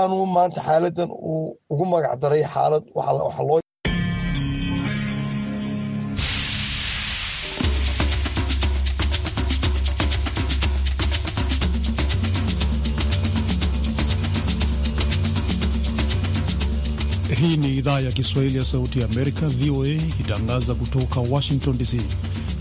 aanu maanta xaaladan uu ugu magac daray xaalad waxaa loo Hii ni idhaa ya Kiswahili ya Sauti ya Amerika, VOA, ikitangaza kutoka Washington DC.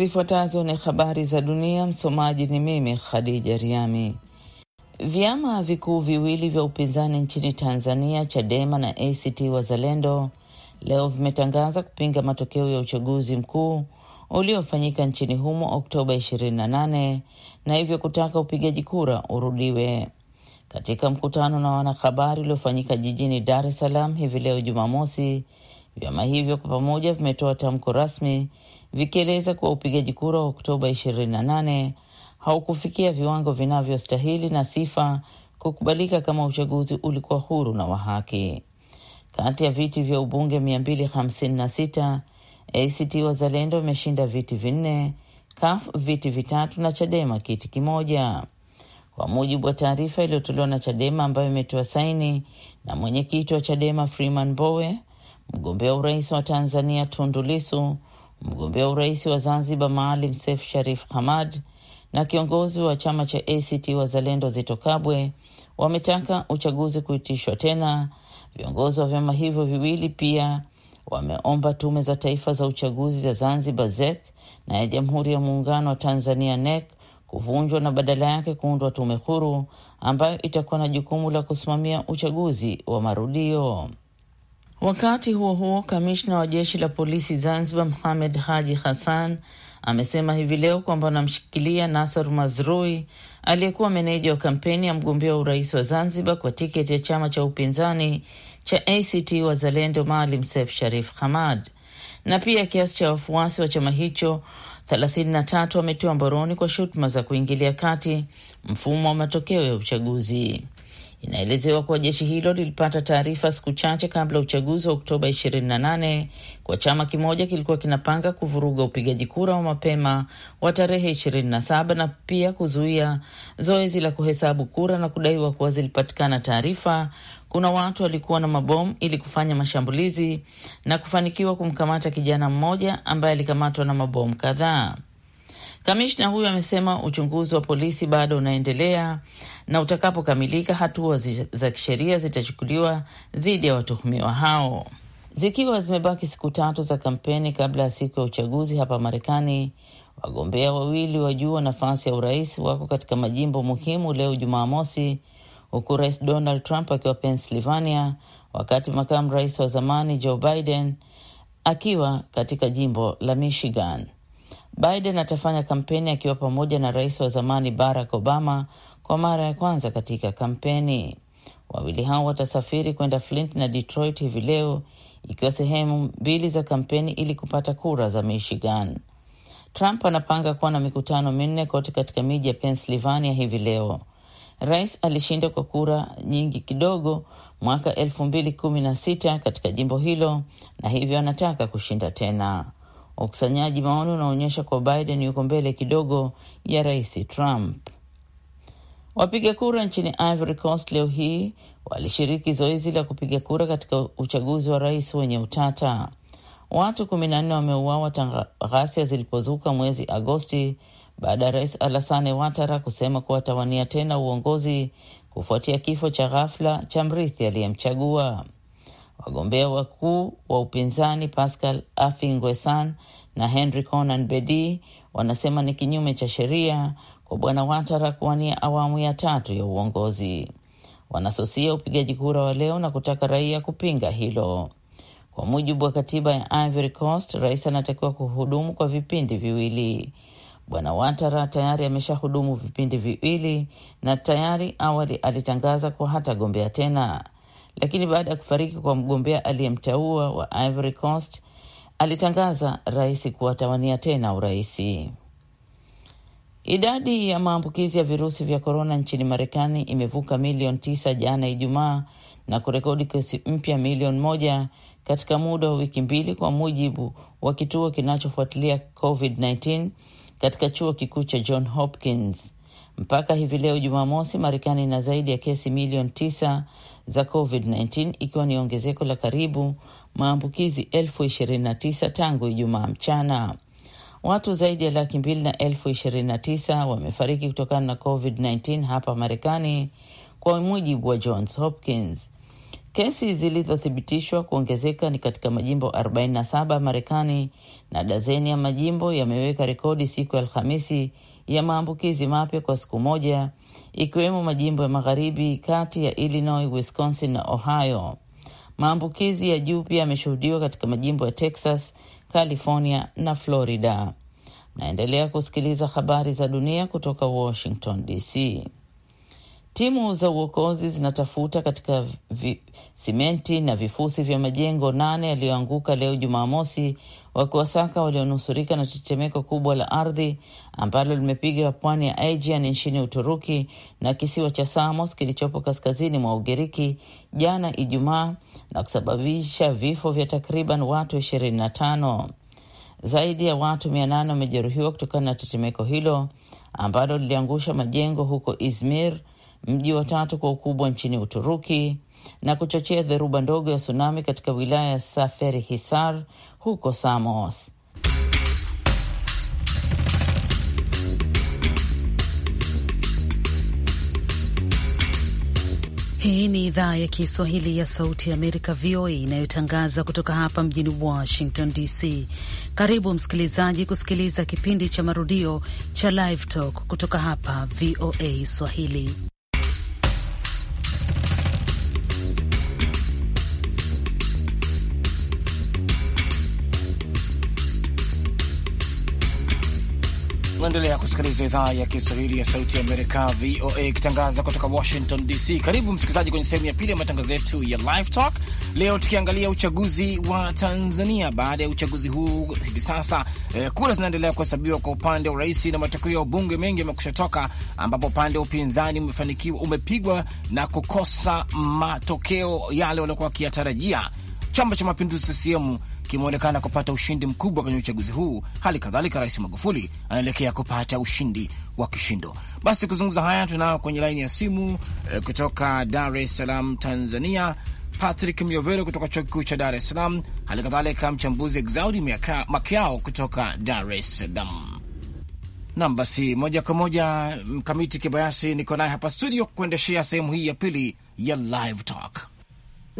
Zifuatazo ni habari za dunia. Msomaji ni mimi Khadija Riami. Vyama vikuu viwili vya upinzani nchini Tanzania, Chadema na ACT Wazalendo, leo vimetangaza kupinga matokeo ya uchaguzi mkuu uliofanyika nchini humo Oktoba 28 na hivyo kutaka upigaji kura urudiwe. Katika mkutano na wanahabari uliofanyika jijini Dar es Salaam hivi leo Jumamosi, Vyama hivyo kwa pamoja vimetoa tamko rasmi vikieleza kuwa upigaji kura wa Oktoba 28 haukufikia viwango vinavyostahili na sifa kukubalika kama uchaguzi ulikuwa huru na wa haki. Kati ya viti vya ubunge 256 ACT Wazalendo imeshinda viti vinne, CUF viti vitatu na Chadema kiti kimoja, kwa mujibu wa taarifa iliyotolewa na Chadema ambayo imetoa saini na mwenyekiti wa Chadema Freeman Mbowe mgombea urais wa Tanzania Tundu Lissu, mgombea urais wa Zanzibar Maalim Seif Sharif Hamad na kiongozi wa chama cha ACT Wazalendo zalendo Kabwe wametaka uchaguzi kuitishwa tena. Viongozi wa vyama hivyo viwili pia wameomba tume za taifa za uchaguzi za Zanzibar ZEC na ya Jamhuri ya Muungano wa Tanzania NEC kuvunjwa na badala yake kuundwa tume huru ambayo itakuwa na jukumu la kusimamia uchaguzi wa marudio. Wakati huo huo, kamishna wa jeshi la polisi Zanzibar Mohamed Haji Hassan amesema hivi leo kwamba wanamshikilia nasar Mazrui aliyekuwa meneja wa kampeni ya mgombea wa urais wa Zanzibar kwa tiketi ya chama cha upinzani cha ACT Wazalendo Maalim Seif Sharif Hamad, na pia kiasi cha wafuasi wa chama hicho 33 wametiwa mbaroni kwa shutuma za kuingilia kati mfumo wa matokeo ya uchaguzi. Inaelezewa kuwa jeshi hilo lilipata taarifa siku chache kabla ya uchaguzi wa Oktoba 28 kwa chama kimoja kilikuwa kinapanga kuvuruga upigaji kura wa mapema wa tarehe 27 na pia kuzuia zoezi la kuhesabu kura na kudaiwa kuwa zilipatikana taarifa kuna watu walikuwa na mabomu ili kufanya mashambulizi na kufanikiwa kumkamata kijana mmoja ambaye alikamatwa na mabomu kadhaa. Kamishna huyo amesema uchunguzi wa polisi bado unaendelea na utakapokamilika, hatua za kisheria zitachukuliwa dhidi ya watuhumiwa hao. Zikiwa zimebaki siku tatu za kampeni kabla ya siku ya uchaguzi hapa Marekani, wagombea wawili wa juu wa nafasi ya urais wako katika majimbo muhimu leo Jumamosi, huku Rais Donald Trump akiwa Pennsylvania, wakati makamu rais wa zamani Joe Biden akiwa katika jimbo la Michigan. Biden atafanya kampeni akiwa pamoja na rais wa zamani Barack Obama kwa mara ya kwanza katika kampeni. Wawili hao watasafiri kwenda Flint na Detroit hivi leo, ikiwa sehemu mbili za kampeni ili kupata kura za Michigan. Trump anapanga kuwa na mikutano minne kote katika miji ya Pennsylvania hivi leo. Rais alishinda kwa kura nyingi kidogo mwaka elfu mbili kumi na sita katika jimbo hilo na hivyo anataka kushinda tena. Ukusanyaji maoni unaonyesha kuwa Biden yuko mbele kidogo ya rais Trump. Wapiga kura nchini Ivory Coast leo hii walishiriki zoezi la kupiga kura katika uchaguzi wa rais wenye utata. Watu kumi na nne wameuawa tangu ghasia zilipozuka mwezi Agosti baada ya rais Alassane Ouattara kusema kuwa atawania tena uongozi kufuatia kifo cha ghafla cha mrithi aliyemchagua. Wagombea wakuu wa upinzani Pascal Afingwesan na Henry conan Bedi wanasema ni kinyume cha sheria kwa bwana Watara kuwania awamu ya tatu ya uongozi. Wanasusia upigaji kura wa leo na kutaka raia kupinga hilo. Kwa mujibu wa katiba ya Ivory Coast, rais anatakiwa kuhudumu kwa vipindi viwili. Bwana Watara tayari ameshahudumu vipindi viwili na tayari awali alitangaza kuwa hatagombea tena lakini baada ya kufariki kwa mgombea aliyemteua wa Ivory Coast alitangaza rais kuwatawania tena uraisi. Idadi ya maambukizi ya virusi vya korona nchini Marekani imevuka milioni tisa jana Ijumaa na kurekodi kesi mpya milioni moja katika muda wa wiki mbili, kwa mujibu wa kituo kinachofuatilia COVID-19 katika chuo kikuu cha John Hopkins. Mpaka hivi leo Jumamosi, Marekani ina zaidi ya kesi milioni tisa za COVID-19 ikiwa ni ongezeko la karibu maambukizi elfu ishirini na tisa tangu Ijumaa mchana. Watu zaidi ya laki mbili na elfu ishirini na tisa wamefariki kutokana na COVID-19 hapa Marekani kwa mujibu wa Johns Hopkins. Kesi zilizothibitishwa kuongezeka ni katika majimbo 47 ya Marekani na dazeni ya majimbo yameweka rekodi siku ya Alhamisi ya maambukizi mapya kwa siku moja, ikiwemo majimbo ya magharibi kati ya Illinois, Wisconsin na Ohio. Maambukizi ya juu pia yameshuhudiwa katika majimbo ya Texas, California na Florida. naendelea kusikiliza habari za dunia kutoka Washington DC. Timu za uokozi zinatafuta katika vi, simenti na vifusi vya majengo nane yaliyoanguka leo Jumamosi, wakiwasaka walionusurika na tetemeko kubwa la ardhi ambalo limepiga pwani ya Aegean nchini Uturuki na kisiwa cha Samos kilichopo kaskazini mwa Ugiriki jana Ijumaa na kusababisha vifo vya takriban watu ishirini na tano. Zaidi ya watu mia nane wamejeruhiwa kutokana na tetemeko hilo ambalo liliangusha majengo huko Izmir mji wa tatu kwa ukubwa nchini Uturuki, na kuchochea dharuba ndogo ya tsunami katika wilaya ya Saferi e Hisar huko Samos. Hii ni idhaa ya Kiswahili ya Sauti ya Amerika, VOA, inayotangaza kutoka hapa mjini Washington DC. Karibu msikilizaji kusikiliza kipindi cha marudio cha Live Talk kutoka hapa VOA Swahili. Tunaendelea kusikiliza idhaa ya Kiswahili ya Sauti ya Amerika, VOA, ikitangaza kutoka Washington DC. Karibu msikilizaji kwenye sehemu ya pili ya matangazo yetu ya Live Talk, leo tukiangalia uchaguzi wa Tanzania. Baada ya uchaguzi huu hivi sasa eh, kura zinaendelea kuhesabiwa kwa upande wa urais na matokeo ya ubunge mengi yamekusha toka, ambapo upande wa upinzani umefanikiwa, umepigwa na kukosa matokeo yale waliokuwa wakiyatarajia Chama cha Mapinduzi CCM kimeonekana kupata ushindi mkubwa kwenye uchaguzi huu. Hali kadhalika Rais Magufuli anaelekea kupata ushindi wa kishindo. Basi kuzungumza haya, tunao kwenye laini ya simu eh, kutoka Dar es Salaam, Tanzania, Patrick Myovero kutoka chuo kikuu cha Dar es Salaam, hali kadhalika mchambuzi Exaudi Makiao kutoka Dar es Salaam. Nam, basi moja kwa moja Mkamiti Kibayasi niko naye hapa studio kuendeshea sehemu hii ya pili ya Live Talk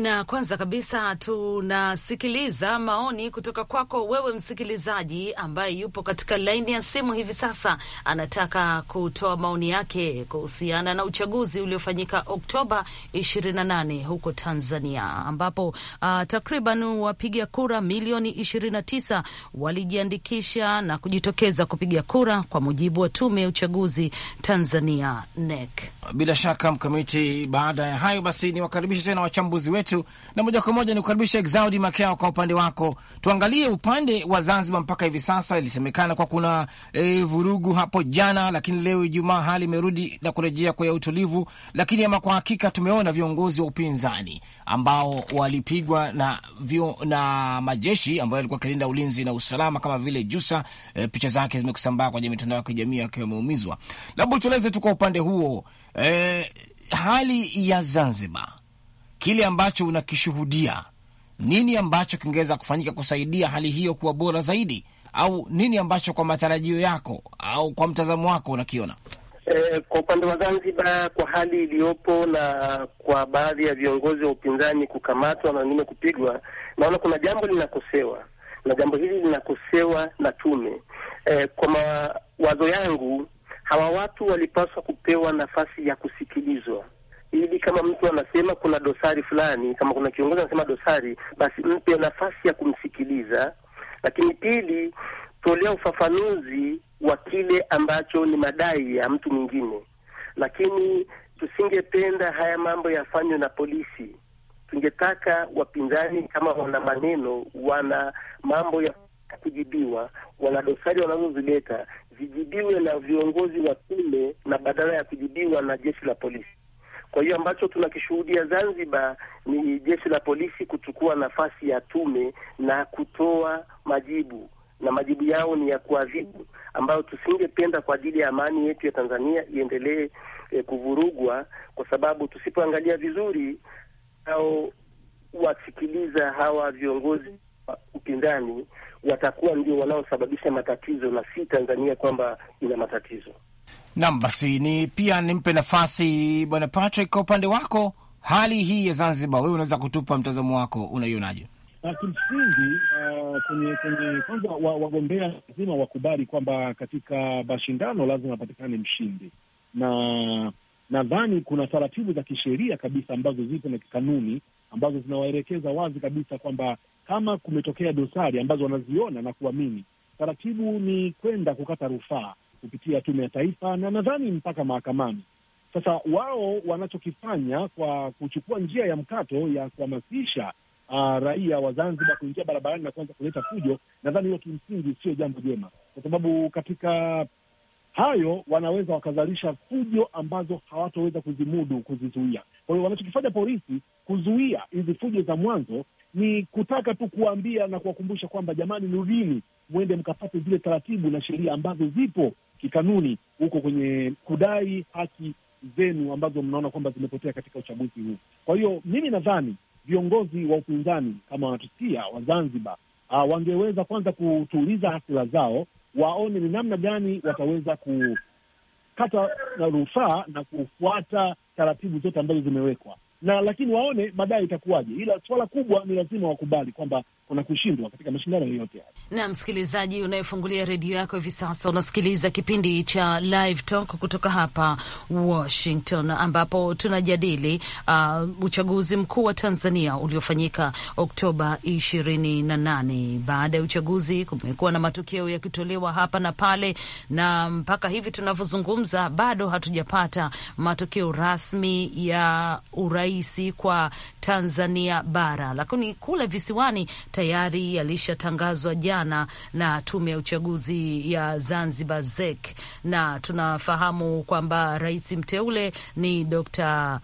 na kwanza kabisa tunasikiliza maoni kutoka kwako wewe msikilizaji ambaye yupo katika laini ya simu hivi sasa, anataka kutoa maoni yake kuhusiana na uchaguzi uliofanyika Oktoba 28 huko Tanzania, ambapo uh, takriban wapiga kura milioni 29 walijiandikisha na kujitokeza kupiga kura kwa mujibu wa tume ya uchaguzi Tanzania NEC. Bila shaka mkamiti, baada ya hayo basi niwakaribishe tena wachambuzi wetu yetu, na moja kwa moja ni kukaribisha Exaudi Makao. Kwa upande wako, tuangalie upande wa Zanzibar. Mpaka hivi sasa ilisemekana kwa kuna e, vurugu hapo jana, lakini leo Ijumaa hali imerudi na kurejea kwa utulivu, lakini ama kwa hakika tumeona viongozi wa upinzani ambao walipigwa na, vio, na majeshi ambayo yalikuwa akilinda ulinzi na usalama kama vile Jusa. E, eh, picha zake zimekusambaa kwenye mitandao ya kijamii akiwa ameumizwa. Labda tueleze tu kwa upande huo e, hali ya Zanzibar kile ambacho unakishuhudia, nini ambacho kingeweza kufanyika kusaidia hali hiyo kuwa bora zaidi, au nini ambacho kwa matarajio yako au kwa mtazamo wako unakiona? E, kwa upande wa Zanzibar kwa hali iliyopo na kwa baadhi ya viongozi wa upinzani kukamatwa na wengine kupigwa, naona kuna jambo linakosewa na jambo hili linakosewa na tume. E, kwa mawazo yangu hawa watu walipaswa kupewa nafasi ya kusikilizwa ili kama mtu anasema kuna dosari fulani, kama kuna kiongozi anasema dosari, basi mpe nafasi ya kumsikiliza. Lakini pili, tolea ufafanuzi wa kile ambacho ni madai ya mtu mwingine. Lakini tusingependa haya mambo yafanywe na polisi. Tungetaka wapinzani kama wana maneno, wana mambo ya kujibiwa, wana dosari wanazozileta, zijibiwe na viongozi wa tume na badala ya kujibiwa na jeshi la polisi. Kwa hiyo ambacho tunakishuhudia Zanzibar ni jeshi la polisi kuchukua nafasi ya tume na kutoa majibu, na majibu yao ni ya kuadhibu, ambayo tusingependa kwa ajili ya amani yetu ya Tanzania iendelee eh, kuvurugwa, kwa sababu tusipoangalia vizuri au wasikiliza hawa viongozi wa upinzani watakuwa ndio wanaosababisha matatizo na si Tanzania kwamba ina matatizo. Nam, basi ni pia nimpe nafasi bwana Patrick, kwa upande wako hali hii ya Zanzibar, wewe unaweza kutupa mtazamo wako, unaionaje? Kimsingi uh, kwenye kwenye kwanza wagombea lazima wakubali kwamba katika mashindano lazima apatikane mshindi, na nadhani kuna taratibu za kisheria kabisa ambazo zipo na kikanuni ambazo zinawaelekeza wazi kabisa kwamba kama kumetokea dosari ambazo wanaziona na kuamini, taratibu ni kwenda kukata rufaa kupitia tume ya taifa na nadhani mpaka mahakamani. Sasa wao wanachokifanya kwa kuchukua njia ya mkato ya kuhamasisha uh, raia wa Zanzibar kuingia barabarani na kuanza kuleta fujo, nadhani hiyo kimsingi sio jambo jema, kwa sababu katika hayo wanaweza wakazalisha fujo ambazo hawatoweza kuzimudu kuzizuia. Kwa hiyo wanachokifanya polisi kuzuia hizi fujo za mwanzo ni kutaka tu kuwambia na kuwakumbusha kwamba jamani, rudini mwende mkapate zile taratibu na sheria ambazo zipo kikanuni huko kwenye kudai haki zenu ambazo mnaona kwamba zimepotea katika uchaguzi huu. Kwa hiyo mimi nadhani viongozi wa upinzani kama wanatusikia wa Zanzibar uh, wangeweza kwanza kutuuliza hasira zao, waone ni namna gani wataweza kukata na rufaa na kufuata taratibu zote ambazo zimewekwa na lakini waone madai itakuwaje, ila suala kubwa ni lazima wakubali kwamba kuna kushindwa katika mashindano yoyote haya. Na msikilizaji unayefungulia redio yako hivi sasa, unasikiliza kipindi cha Live Talk kutoka hapa Washington, ambapo tunajadili uh, uchaguzi mkuu wa Tanzania uliofanyika Oktoba 28 Baada ya uchaguzi kumekuwa na matokeo yakitolewa hapa na pale, na mpaka hivi tunavyozungumza bado hatujapata matokeo rasmi ya uraisi kwa Tanzania bara, lakini kule visiwani tayari yalishatangazwa jana na tume ya uchaguzi ya Zanzibar ZEC, na tunafahamu kwamba rais mteule ni Dr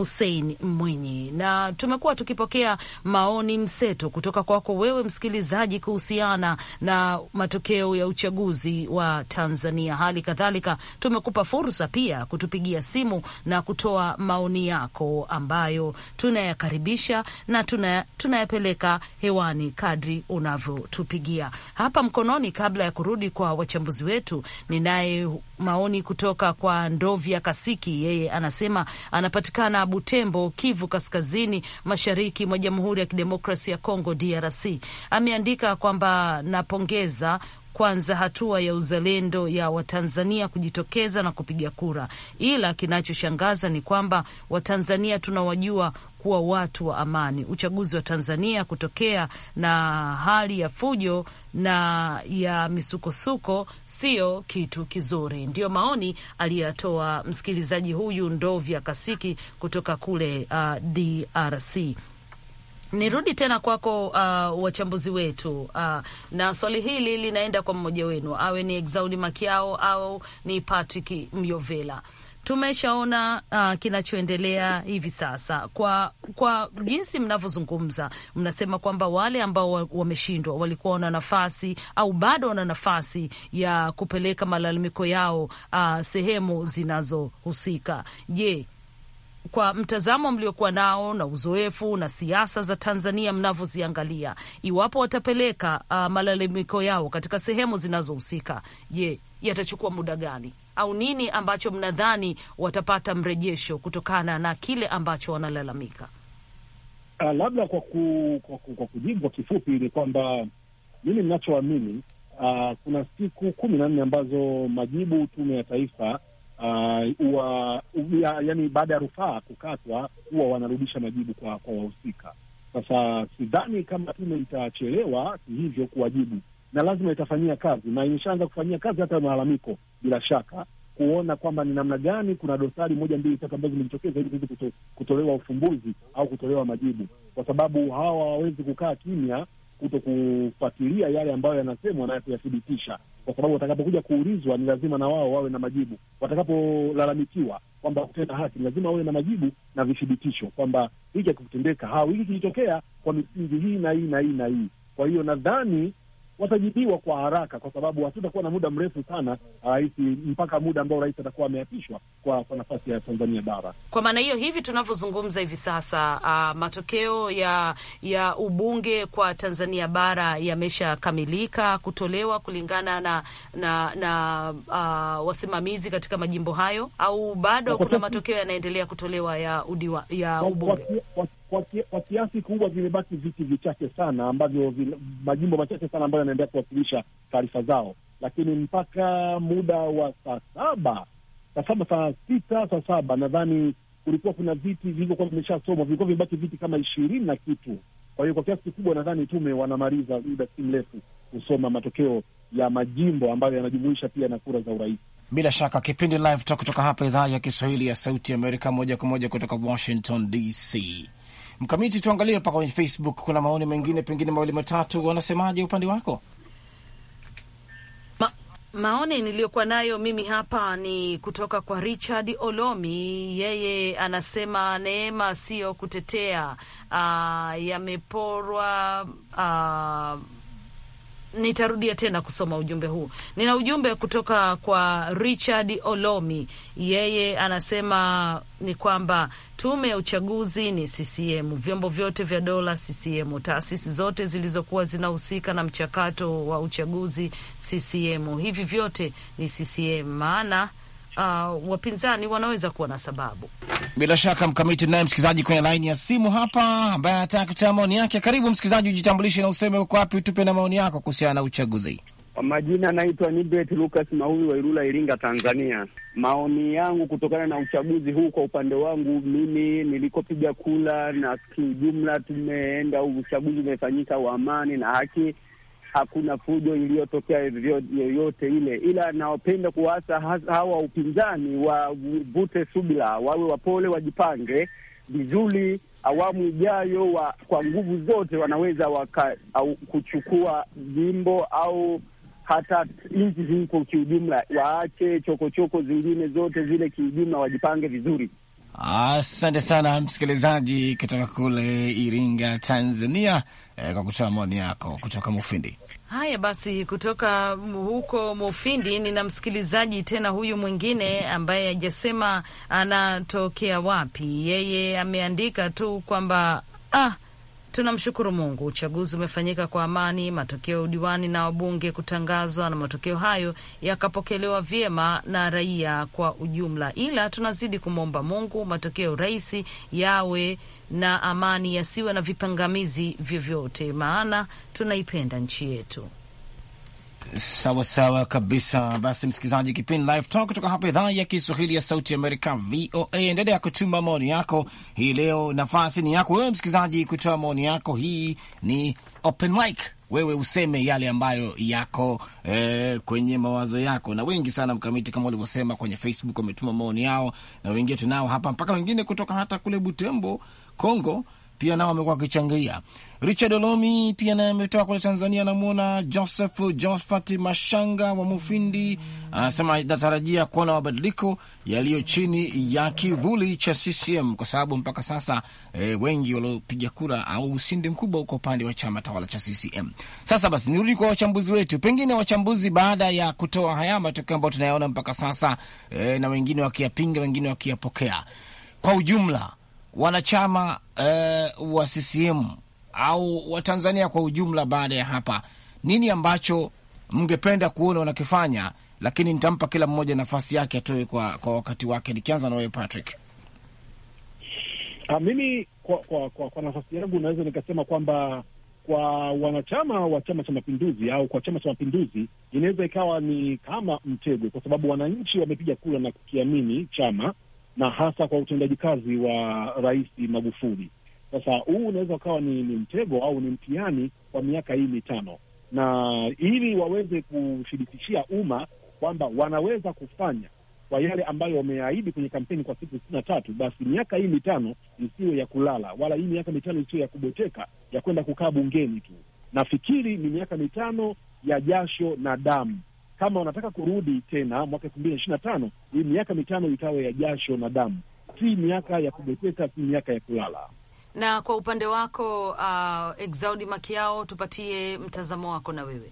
Hussein Mwinyi. Na tumekuwa tukipokea maoni mseto kutoka kwako wewe msikilizaji kuhusiana na matokeo ya uchaguzi wa Tanzania. Hali kadhalika tumekupa fursa pia kutupigia simu na kutoa maoni yako ambayo tunayakaribisha na tuna, tunayapeleka hewani kadri unavyotupigia hapa mkononi. Kabla ya kurudi kwa wachambuzi wetu, ninaye maoni kutoka kwa Ndovya Kasiki, yeye anasema anapatikana Butembo, Kivu Kaskazini, mashariki mwa Jamhuri ya Kidemokrasi ya Kongo, DRC. Ameandika kwamba napongeza kwanza hatua ya uzalendo ya Watanzania kujitokeza na kupiga kura, ila kinachoshangaza ni kwamba Watanzania tunawajua kuwa watu wa amani. Uchaguzi wa Tanzania kutokea na hali ya fujo na ya misukosuko sio kitu kizuri. Ndiyo maoni aliyatoa msikilizaji huyu Ndovya Kasiki kutoka kule uh, DRC. Nirudi tena kwako uh, wachambuzi wetu uh, na swali hili linaenda kwa mmoja wenu, awe ni Exaudi Makiao au ni Patrick Myovela tumeshaona uh, kinachoendelea hivi sasa. Kwa kwa jinsi mnavyozungumza, mnasema kwamba wale ambao wameshindwa walikuwa wana nafasi au bado wana nafasi ya kupeleka malalamiko yao uh, sehemu zinazohusika. Je, kwa mtazamo mliokuwa nao na uzoefu na siasa za Tanzania mnavyoziangalia, iwapo watapeleka uh, malalamiko yao katika sehemu zinazohusika, je, yatachukua muda gani? au nini ambacho mnadhani watapata mrejesho kutokana na kile ambacho wanalalamika? Uh, labda kwa, ku, kwa, ku, kwa kujibu kwa kifupi ni kwamba mimi ninachoamini uh, kuna siku kumi na nne ambazo majibu tume ya taifa ah, huwa uh, ya, yani baada ya rufaa kukatwa huwa wanarudisha majibu kwa kwa wahusika. Sasa sidhani kama tume itachelewa hivyo kuwajibu na lazima itafanyia kazi na imeshaanza kufanyia kazi hata malalamiko, bila shaka kuona kwamba ni namna gani kuna dosari moja mbili tatu ambazo zimejitokeza, ili kuto, kutolewa ufumbuzi au kutolewa majibu, kwa sababu hawa hawawezi kukaa kimya kuto kufuatilia yale ambayo yanasemwa na kuyathibitisha, kwa sababu watakapokuja kuulizwa ni lazima na wao wawe na majibu. Watakapolalamikiwa kwamba kutenda haki, ni lazima wawe na majibu na vithibitisho kwamba hiki hakikutendeka, hiki kilitokea kwa misingi hii na hii na hii na hii. Kwa hiyo nadhani watajibiwa kwa haraka, kwa sababu hatutakuwa na muda mrefu sana uh, rais, mpaka muda ambao rais atakuwa ameapishwa kwa, kwa nafasi ya Tanzania bara. Kwa maana hiyo, hivi tunavyozungumza hivi sasa, uh, matokeo ya ya ubunge kwa Tanzania bara yameshakamilika kutolewa kulingana na na, na uh, wasimamizi katika majimbo hayo, au bado kuna matokeo yanaendelea kutolewa ya udiwa, ya ubunge kwa, kwa, kwa, kwa, kiasi kubwa vimebaki viti vichache sana ambavyo majimbo machache sana ambayo yanaendelea kuwasilisha taarifa zao, lakini mpaka muda wa saa saba saa saba saa sita saa saba nadhani kulikuwa kuna viti vilivyokuwa vimeshasomwa, vilikuwa vimebaki viti kama ishirini na kitu. Kwa hiyo kwa kiasi kikubwa nadhani tume wanamaliza muda si mrefu kusoma matokeo ya majimbo ambayo yanajumuisha pia na kura za urais. Bila shaka kipindi Live Talk kutoka hapa idhaa ya Kiswahili ya Sauti Amerika, moja kwa moja kutoka Washington DC. Mkamiti, tuangalie mpaka kwenye Facebook, kuna maoni mengine pengine mawili matatu, wanasemaje upande wako? Maoni niliyokuwa nayo mimi hapa ni kutoka kwa Richard Olomi. Yeye anasema neema siyo kutetea, uh, yameporwa uh, Nitarudia tena kusoma ujumbe huu. Nina ujumbe kutoka kwa Richard Olomi, yeye anasema ni kwamba tume ya uchaguzi ni CCM, vyombo vyote vya dola CCM, taasisi zote zilizokuwa zinahusika na mchakato wa uchaguzi CCM, hivi vyote ni CCM maana uh, wapinzani wanaweza kuwa na sababu. Bila shaka mkamiti naye msikilizaji kwenye laini ya simu hapa ambaye anataka kutoa maoni yake. Karibu msikilizaji, ujitambulishe na useme uko wapi, utupe na maoni yako kuhusiana na uchaguzi. Kwa majina anaitwa Nibet Lucas Mahuyu wa Ilula, Iringa, Tanzania. Maoni yangu kutokana na uchaguzi huu, kwa upande wangu mimi nilikopiga kula, na kiujumla tumeenda uchaguzi umefanyika wa amani na haki hakuna fujo iliyotokea yoyote ile, ila nawapenda kuwaasa hawa upinzani wavute subira, wawe wapole, wajipange vizuri. Awamu ijayo wa, kwa nguvu zote wanaweza waka, au, kuchukua jimbo au hata nchi hii kwa kiujumla. Waache chokochoko zingine zote zile, kiujumla wajipange vizuri. Asante sana msikilizaji kutoka kule Iringa, Tanzania eh, kwa kutoa maoni yako kutoka Mufindi. Haya basi, kutoka huko Mufindi nina msikilizaji tena huyu mwingine ambaye hajasema anatokea wapi. Yeye ameandika tu kwamba ah, Tunamshukuru Mungu, uchaguzi umefanyika kwa amani, matokeo ya udiwani na wabunge kutangazwa, na matokeo hayo yakapokelewa vyema na raia kwa ujumla. Ila tunazidi kumwomba Mungu matokeo rais yawe na amani, yasiwe na vipangamizi vyovyote, maana tunaipenda nchi yetu. Sawa sawa kabisa. Basi msikilizaji, kipindi Live Talk kutoka hapa idhaa ya Kiswahili ya Sauti Amerika, VOA. Endelea kutuma maoni yako hii leo, nafasi ni yako wewe msikilizaji kutoa maoni yako. Hii ni open mic, wewe useme yale ambayo yako eh, kwenye mawazo yako. Na wengi sana mkamiti, kama ulivyosema kwenye Facebook, wametuma maoni yao, na wengine tunao hapa mpaka wengine kutoka hata kule Butembo, congo pia nao wamekuwa wakichangia. Richard Olomi pia naye ametoka kule Tanzania. Anamwona Joseph Josephat Mashanga wa Mufindi, anasema natarajia kuona mabadiliko yaliyo chini ya kivuli cha CCM kwa sababu mpaka sasa e, wengi waliopiga kura au ushindi mkubwa uko upande wa chama tawala cha CCM. Sasa basi, nirudi kwa wachambuzi wetu, pengine wachambuzi, baada ya kutoa haya matokeo ambayo tunayaona mpaka sasa e, na wengine wakiyapinga, wengine wakiyapokea kwa ujumla wanachama uh, wa CCM au Watanzania kwa ujumla, baada ya hapa, nini ambacho mngependa kuona wanakifanya? Lakini nitampa kila mmoja nafasi yake atoe kwa, kwa wakati wake, nikianza na wewe Patrick. Ha, ah, mimi kwa, kwa, kwa, kwa nafasi yangu naweza nikasema kwamba kwa wanachama wa Chama cha Mapinduzi au kwa Chama cha Mapinduzi inaweza ikawa ni kama mtego, kwa sababu wananchi wamepiga kura na kukiamini chama na hasa kwa utendaji kazi wa Rais Magufuli. Sasa huu unaweza ukawa ni, ni mtego au ni mtihani kwa miaka hii mitano, na ili waweze kushirikishia umma kwamba wanaweza kufanya kwa yale ambayo wameahidi kwenye kampeni kwa siku sitini na tatu, basi miaka hii mitano isiyo ya kulala, wala hii miaka mitano isiyo ya kuboteka ya kwenda kukaa bungeni tu. Nafikiri ni miaka mitano ya jasho na damu kama wanataka kurudi tena mwaka elfu mbili na ishirini na tano hii miaka mitano ikawe ya jasho na damu, si miaka ya kubweteka, si miaka ya kulala. Na kwa upande wako uh, Exaudi Makiao, tupatie mtazamo wako na wewe.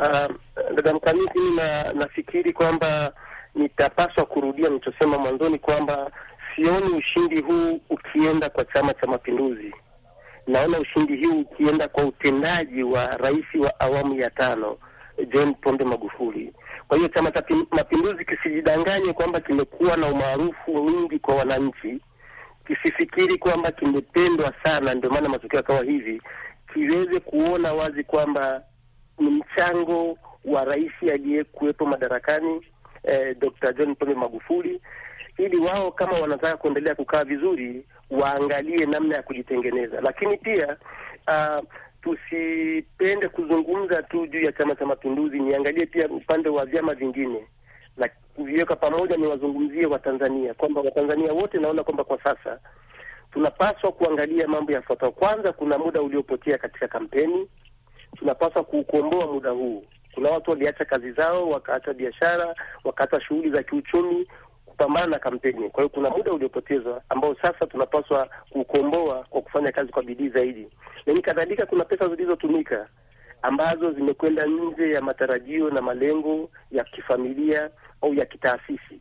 Uh, dada Mkamiti, na nafikiri kwamba nitapaswa kurudia nilichosema mwanzoni kwamba sioni ushindi huu ukienda kwa Chama cha Mapinduzi. Naona ushindi huu ukienda kwa utendaji wa rais wa awamu ya tano John Pombe Magufuli. Kwa hiyo Chama cha Mapinduzi kisijidanganye kwamba kimekuwa na umaarufu mwingi kwa wananchi, kisifikiri kwamba kimependwa sana ndio maana matokeo yakawa hivi, kiweze kuona wazi kwamba ni mchango wa rais aliyekuwepo madarakani eh, Dr. John Pombe Magufuli, ili wao kama wanataka kuendelea kukaa vizuri waangalie namna ya kujitengeneza, lakini pia uh, tusipende kuzungumza tu juu ya Chama cha Mapinduzi, niangalie pia upande wa vyama vingine na kuviweka pamoja, niwazungumzie Watanzania kwamba Watanzania wote, naona kwamba kwa sasa tunapaswa kuangalia mambo yafuatayo. Kwanza, kuna muda uliopotea katika kampeni, tunapaswa kuukomboa muda huu. Kuna watu waliacha kazi zao, wakaacha biashara, wakaacha shughuli za kiuchumi, kupambana na kampeni. Kwa hiyo kuna muda uliopotezwa ambao sasa tunapaswa kukomboa kwa kufanya kazi kwa bidii zaidi, lakini kadhalika kuna pesa zilizotumika ambazo zimekwenda nje ya matarajio na malengo ya kifamilia au ya kitaasisi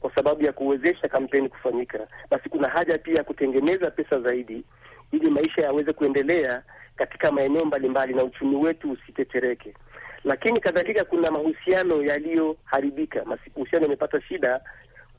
kwa sababu ya kuwezesha kampeni kufanyika. Basi kuna haja pia ya kutengeneza pesa zaidi ili maisha yaweze kuendelea katika maeneo mbalimbali na uchumi wetu usitetereke. Lakini kadhalika kuna mahusiano yaliyoharibika, mahusiano yamepata shida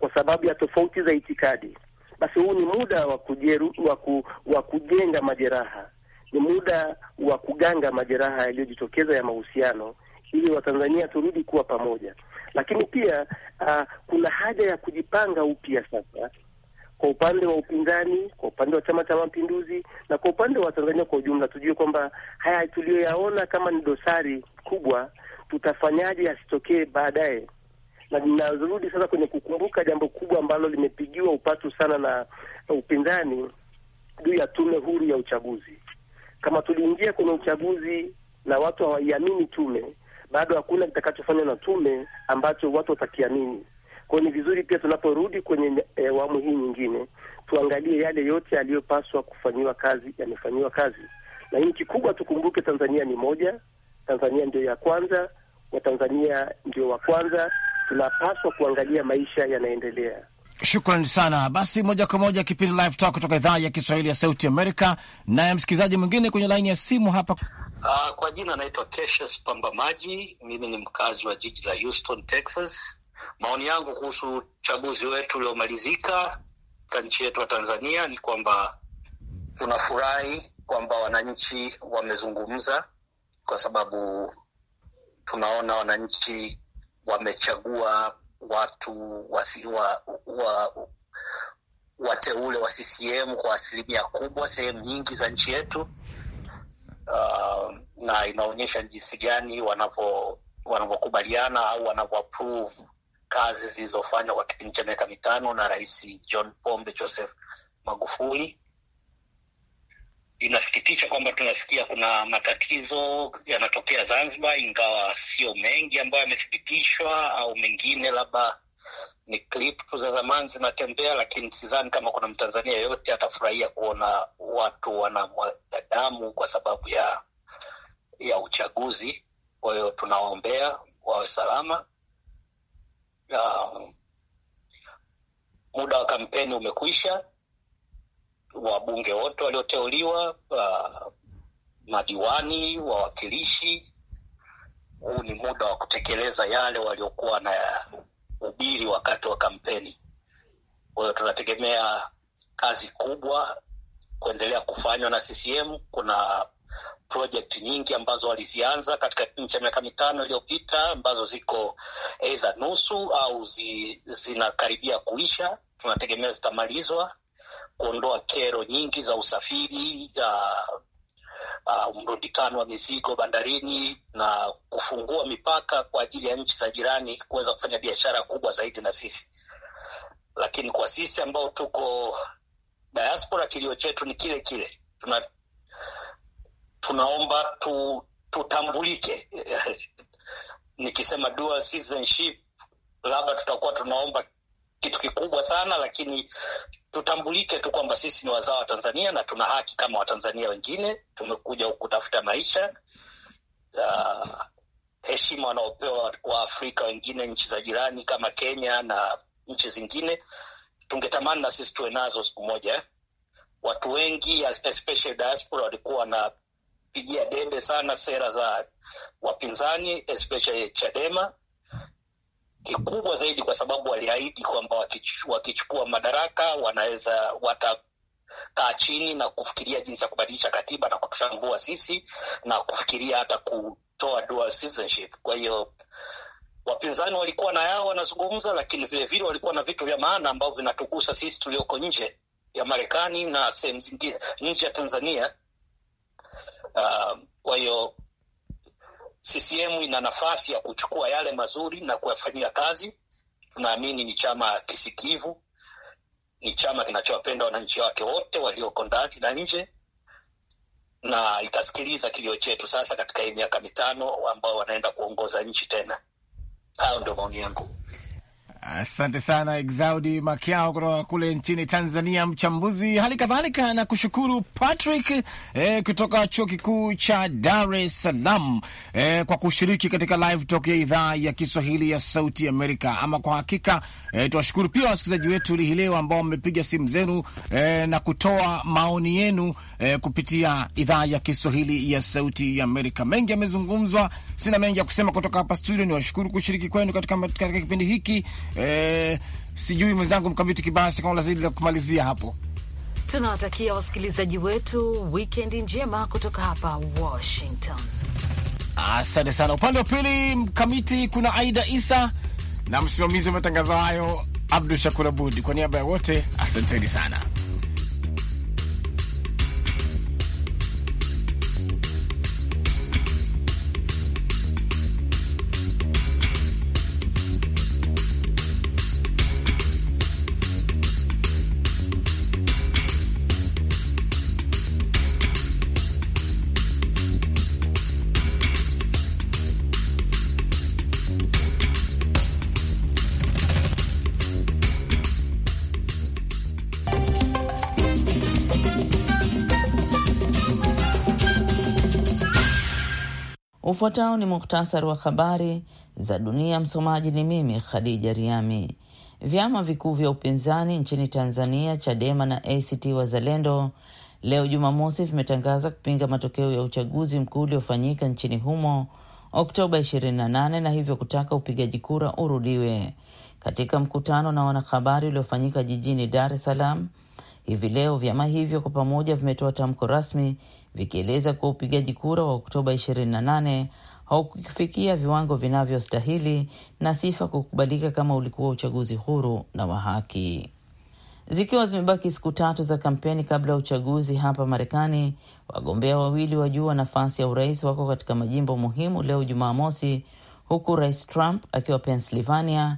kwa sababu ya tofauti za itikadi, basi huu ni muda wa kujeru, wa, ku, wa kujenga majeraha, ni muda wa kuganga majeraha yaliyojitokeza ya mahusiano ili Watanzania turudi kuwa pamoja. Lakini pia uh, kuna haja ya kujipanga upya sasa kwa upande wa upinzani, kwa upande wa Chama cha Mapinduzi na kwa upande wa Tanzania kwa ujumla, tujue kwamba haya tuliyoyaona kama ni dosari kubwa, tutafanyaje asitokee baadaye na ninarudi sasa kwenye kukumbuka jambo kubwa ambalo limepigiwa upatu sana na upinzani juu ya tume huru ya uchaguzi. Kama tuliingia kwenye uchaguzi na watu hawaiamini tume, bado hakuna kitakachofanywa na tume ambacho watu watakiamini. Kwa hiyo ni vizuri pia tunaporudi kwenye eh, awamu hii nyingine tuangalie yale yote yaliyopaswa kufanyiwa kazi yamefanyiwa kazi, na hii kikubwa tukumbuke, Tanzania ni moja. Tanzania ndio ya kwanza, Watanzania ndio wa kwanza tunapaswa kuangalia maisha yanaendelea. Shukran sana. Basi moja kwa moja kipindi Live Talk kutoka idhaa ya Kiswahili ya Sauti Amerika, naye msikilizaji mwingine kwenye laini ya simu hapa. Uh, kwa jina naitwa Cassius Maji, mimi ni mkazi wa jiji la Houston, Texas. Maoni yangu kuhusu uchaguzi wetu uliomalizika katika nchi yetu ya Tanzania ni kwamba tunafurahi kwamba wananchi wamezungumza, kwa sababu tunaona wananchi wamechagua watu wasi, wa, wa, wateule wa CCM kwa asilimia kubwa sehemu nyingi za nchi yetu. Uh, na inaonyesha jinsi gani wanavyo wanavyokubaliana au wanavyoapprove kazi zilizofanywa kwa kipindi cha miaka mitano na Rais John Pombe Joseph Magufuli Inasikitisha kwamba tunasikia kuna matatizo yanatokea Zanzibar, ingawa sio mengi ambayo yamethibitishwa, au mengine labda ni klip tu za zamani zinatembea, lakini sidhani kama kuna Mtanzania yoyote atafurahia kuona watu wanamwaga damu kwa sababu ya ya uchaguzi. Kwa hiyo tunawaombea wawe salama. Um, muda wa kampeni umekwisha wabunge wote walioteuliwa, uh, madiwani, wawakilishi. Huu ni muda wa kutekeleza yale waliokuwa na ubiri wakati wa kampeni. Kwa hiyo tunategemea kazi kubwa kuendelea kufanywa na CCM. Kuna projekti nyingi ambazo walizianza katika kipindi cha miaka mitano iliyopita ambazo ziko aidha nusu au zi, zinakaribia kuisha. Tunategemea zitamalizwa kuondoa kero nyingi za usafiri uh, uh, mrundikano wa mizigo bandarini na kufungua mipaka kwa ajili ya nchi za jirani kuweza kufanya biashara kubwa zaidi na sisi. Lakini kwa sisi ambao tuko diaspora, kilio chetu ni kile kile, tuna tunaomba tu, tutambulike nikisema dual citizenship labda tutakuwa tunaomba kitu kikubwa sana, lakini tutambulike tu kwamba sisi ni wazao wa Tanzania na tuna haki kama Watanzania wengine. Tumekuja huku kutafuta maisha. Heshima uh, wanaopewa Waafrika wengine nchi za jirani kama Kenya na nchi zingine, tungetamani na sisi tuwe nazo siku moja. Eh. Watu wengi especially diaspora walikuwa wanapigia debe sana sera za wapinzani especially Chadema kikubwa zaidi, kwa sababu waliahidi kwamba wakichukua madaraka wanaweza wata kaa chini na kufikiria jinsi ya kubadilisha katiba na kututambua sisi na kufikiria hata kutoa dual citizenship. Kwa hiyo wapinzani walikuwa na yao wanazungumza, lakini vilevile walikuwa na vitu vya maana ambavyo vinatugusa sisi tulioko nje ya Marekani na sehemu zingine nje ya Tanzania. Uh, kwa hiyo CCM ina nafasi ya kuchukua yale mazuri na kuyafanyia kazi. Tunaamini ni chama kisikivu, ni chama kinachowapenda wananchi wake wote walioko ndani na nje, na itasikiliza kilio chetu sasa katika hii miaka mitano ambao wanaenda kuongoza nchi tena. Hayo ndio maoni yangu. Asante sana Exaudi Makiao kutoka kule nchini Tanzania, mchambuzi hali kadhalika, na kushukuru Patrick eh, kutoka chuo kikuu cha Dar es Salaam eh, kwa kushiriki katika live talk ya idhaa ya Kiswahili ya Sauti Amerika. Ama kwa hakika eh, tuwashukuru pia wasikilizaji wetu hii leo ambao mmepiga simu zenu eh, na kutoa maoni yenu eh, kupitia idhaa ya Kiswahili ya Sauti ya Amerika. Mengi yamezungumzwa, sina mengi ya kusema kutoka hapa studio. Niwashukuru kushiriki kwenu katika, katika kipindi hiki Eh, sijui mwenzangu Mkamiti kibasi kama lazidi la kumalizia hapo. Tunawatakia wasikilizaji wetu wikendi njema kutoka hapa Washington. Asante sana. Upande wa pili Mkamiti, kuna Aida Isa na msimamizi wa matangazo hayo Abdu Shakur Abud. Kwa niaba ya wote, asanteni sana. Ufuatao ni muhtasari wa habari za dunia. Msomaji ni mimi Khadija Riami. Vyama vikuu vya upinzani nchini Tanzania, Chadema na ACT Wazalendo, leo Jumamosi, vimetangaza kupinga matokeo ya uchaguzi mkuu uliofanyika nchini humo Oktoba 28 na hivyo kutaka upigaji kura urudiwe. Katika mkutano na wanahabari uliofanyika jijini Dar es Salaam, Hivi leo vyama hivyo kwa pamoja vimetoa tamko rasmi vikieleza kuwa upigaji kura wa Oktoba 28 haukufikia viwango vinavyostahili na sifa kukubalika kama ulikuwa uchaguzi huru na wa haki. Zikiwa zimebaki siku tatu za kampeni kabla ya uchaguzi hapa Marekani, wagombea wawili wa juu wa nafasi ya urais wako katika majimbo muhimu leo Jumamosi, huku Rais Trump akiwa Pennsylvania